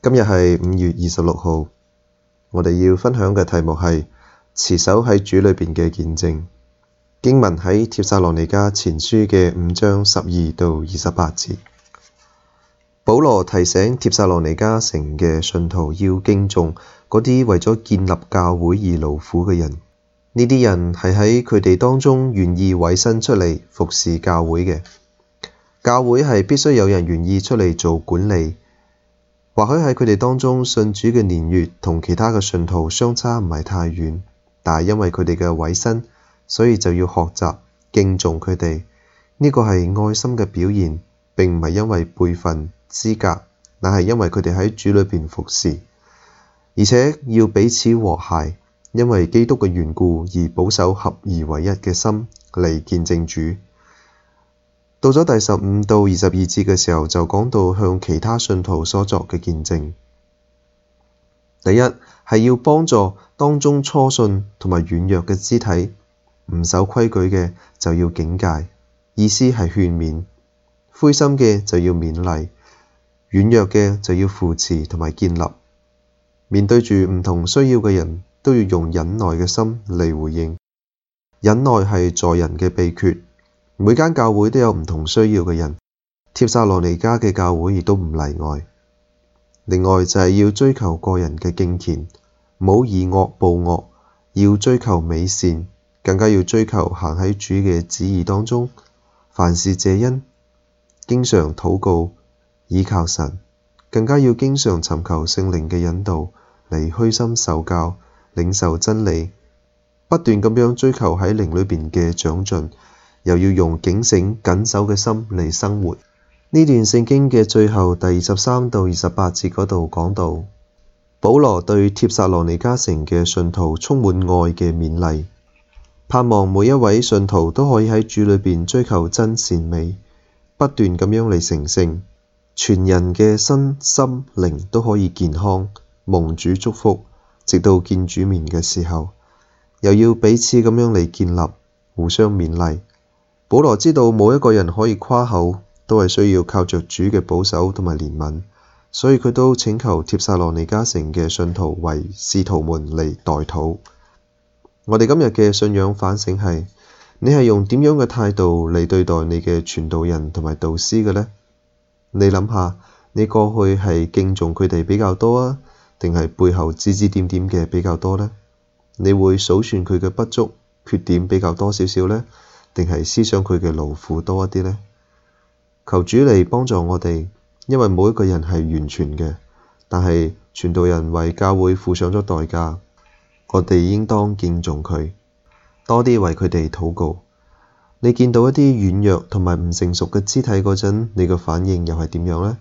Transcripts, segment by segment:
今日係五月二十六號，我哋要分享嘅題目係持守喺主裏邊嘅見證，經文喺帖撒羅尼迦前書嘅五章十二到二十八節。保羅提醒帖撒羅尼迦城嘅信徒要敬重嗰啲為咗建立教會而勞苦嘅人，呢啲人係喺佢哋當中願意委身出嚟服侍教會嘅。教會係必須有人願意出嚟做管理。或許喺佢哋當中信主嘅年月同其他嘅信徒相差唔係太遠，但係因為佢哋嘅委身，所以就要學習敬重佢哋。呢個係愛心嘅表現，並唔係因為輩份資格，但係因為佢哋喺主裏邊服侍，而且要彼此和諧，因為基督嘅緣故而保守合而為一嘅心嚟見證主。到咗第十五到二十二節嘅時候，就講到向其他信徒所作嘅見證。第一係要幫助當中初信同埋軟弱嘅肢體，唔守規矩嘅就要警戒，意思係勸勉；灰心嘅就要勉勵，軟弱嘅就要扶持同埋建立。面對住唔同需要嘅人，都要用忍耐嘅心嚟回應。忍耐係助人嘅秘訣。每間教會都有唔同需要嘅人，帖撒羅尼迦嘅教會亦都唔例外。另外就係要追求個人嘅敬虔，唔好以惡報惡，要追求美善，更加要追求行喺主嘅旨意當中。凡事謝恩，經常禱告，倚靠神，更加要經常尋求聖靈嘅引導，嚟虛心受教，領受真理，不斷咁樣追求喺靈裏邊嘅長進。又要用警醒、緊守嘅心嚟生活。呢段聖經嘅最後第二十三到二十八節嗰度講到，保羅對帖撒羅尼迦城嘅信徒充滿愛嘅勉勵，盼望每一位信徒都可以喺主裏邊追求真善美，不斷咁樣嚟成聖，全人嘅身心靈都可以健康。蒙主祝福，直到見主面嘅時候，又要彼此咁樣嚟建立，互相勉勵。保羅知道冇一個人可以誇口，都係需要靠着主嘅保守同埋憐憫，所以佢都請求帖撒羅尼加城嘅信徒為使徒們嚟代禱。我哋今日嘅信仰反省係：你係用點樣嘅態度嚟對待你嘅傳道人同埋導師嘅呢？你諗下，你過去係敬重佢哋比較多啊，定係背後指指點點嘅比較多呢？你會數算佢嘅不足、缺點比較多少少呢？定係思想佢嘅勞苦多一啲呢？求主嚟幫助我哋，因為冇一個人係完全嘅，但係傳道人為教會付上咗代價，我哋應當敬重佢，多啲為佢哋禱告。你見到一啲軟弱同埋唔成熟嘅肢體嗰陣，你嘅反應又係點樣呢？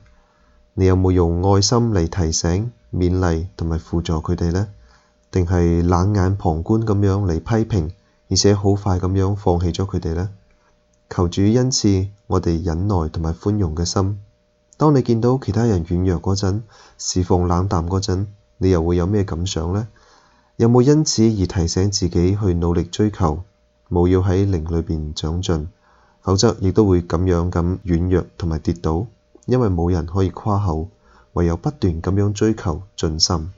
你有冇用愛心嚟提醒、勉勵同埋輔助佢哋呢？定係冷眼旁觀咁樣嚟批評？而且好快咁樣放棄咗佢哋呢？求主恩賜我哋忍耐同埋寬容嘅心。當你見到其他人軟弱嗰陣，侍奉冷淡嗰陣，你又會有咩感想呢？有冇因此而提醒自己去努力追求，冇要喺靈裏邊長進，否則亦都會咁樣咁軟弱同埋跌倒，因為冇人可以誇口，唯有不斷咁樣追求進深。